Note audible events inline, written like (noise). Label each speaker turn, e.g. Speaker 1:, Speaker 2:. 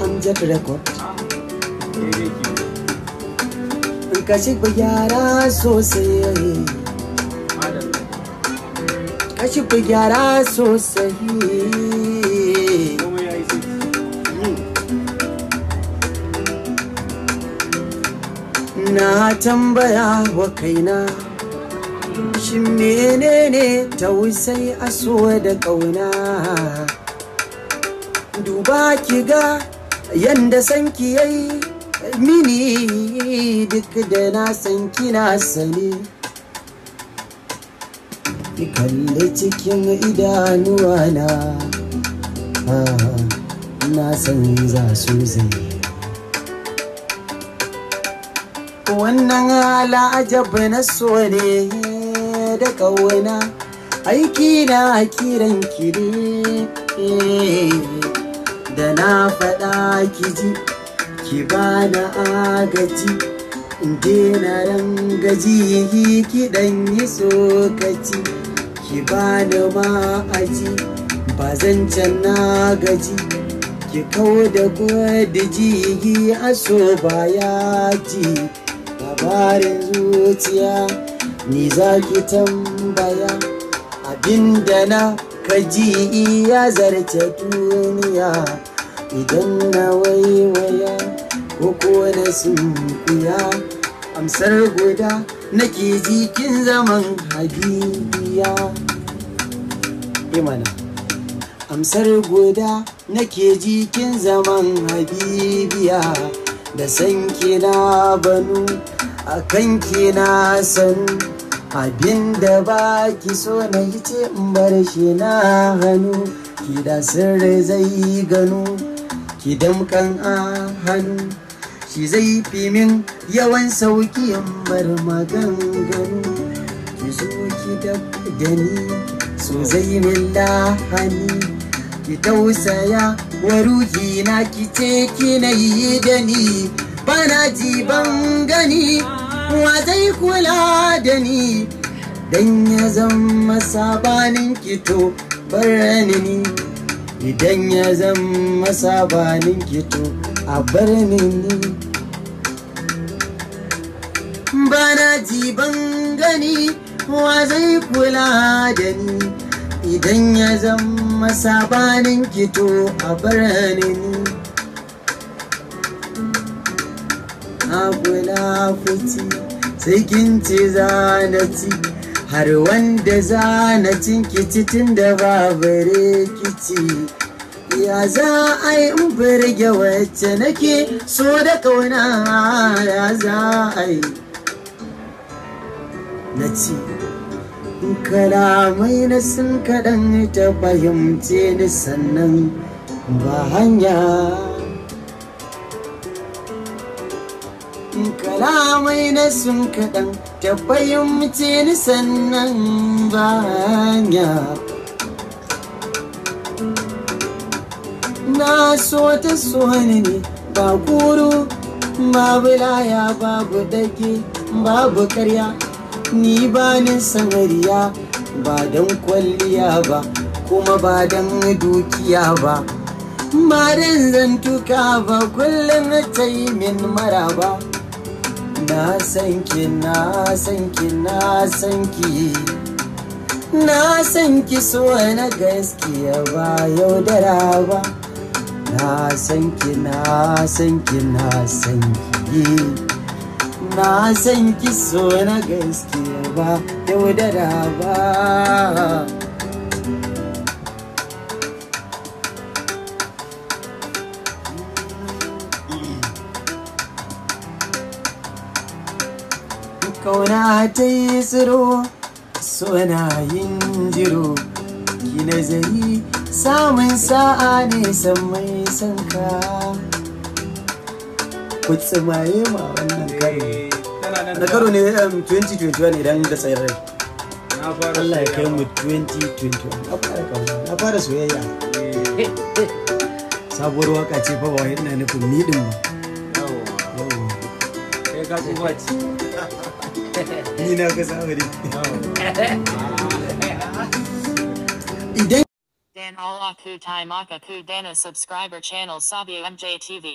Speaker 1: Unjet record. Kashik bayara so sahi. Kashik bayara so sahi. na tambaya wa kaina shin menene tausai aso da ƙauna duba ki ga yanda sanki yayi mini duk da na san kina sani ki kalli cikin idanuwana na san za su zai wannan ajab na so ne da ƙauna aiki na kiran kiri da na faɗa ji
Speaker 2: ki ba
Speaker 1: na agaji in dena rangaji ki ɗan yi tsokaci ki ba na ma'aji ba zan can na gaji ki kau da gwada a so baya ji labarin zuciya ni za ki tambaya abinda na kaji iya zarce duniya idan na waiwaya ko na sunkuya amsar guda ke jikin zaman habibiya imana eh amsar guda nake jikin zaman habibiya da san na banu a kan kina san Abinda ba ki so na yi ce in bar shi na hannu ki da sirri zai gano ki damkan a hannu shi zai fi min yawan sauki in bar maganganu ki zo ki da ni so zai min lahani ki tausaya waruhi na kice na yi da ni bana ji ban gani wa zai kula da ni dan ya zama sabanin kito barani ni idan ya zama sabanin kito a barani ni bana ji ban gani wa zai kula da ni idan ya zama sabanin kito a birnin agula fiti cikin ci zanaci har wanda zanacin kici tun da babu rikici ya za a yi birge wacce nake so da kauna ya za a yi na ci kalamai na sun kaɗan ta fahimce ni sannan ba hanya kalamai na sun kaɗan ta fahimce ni sannan ba hanya na so ta so ni ba kuru babu laya babu dake babu karya ni ba ni samariya ba don kwalliya ba kuma ba don dukiya ba marin zantuka ba kullum ta min maraba na sanki na sanki na sanki na sanki so na gaskiya ba yaudara ba na sanki na sanki na sanki na san ki na gaskiya ba yaudara ba kauna ta yi tsiro so na yin jiro ki nazari samun sa'a ne san mai sanka ku tsimaye ma wannan um, 2021 idan da rai Allah ya kai mu 2021 na fara kawo na fara soyayya sabuwar waka ce fa ba wai ina nufin ni din ba (laughs) ni na ga sabari idan dana subscriber channel Sabio MJ TV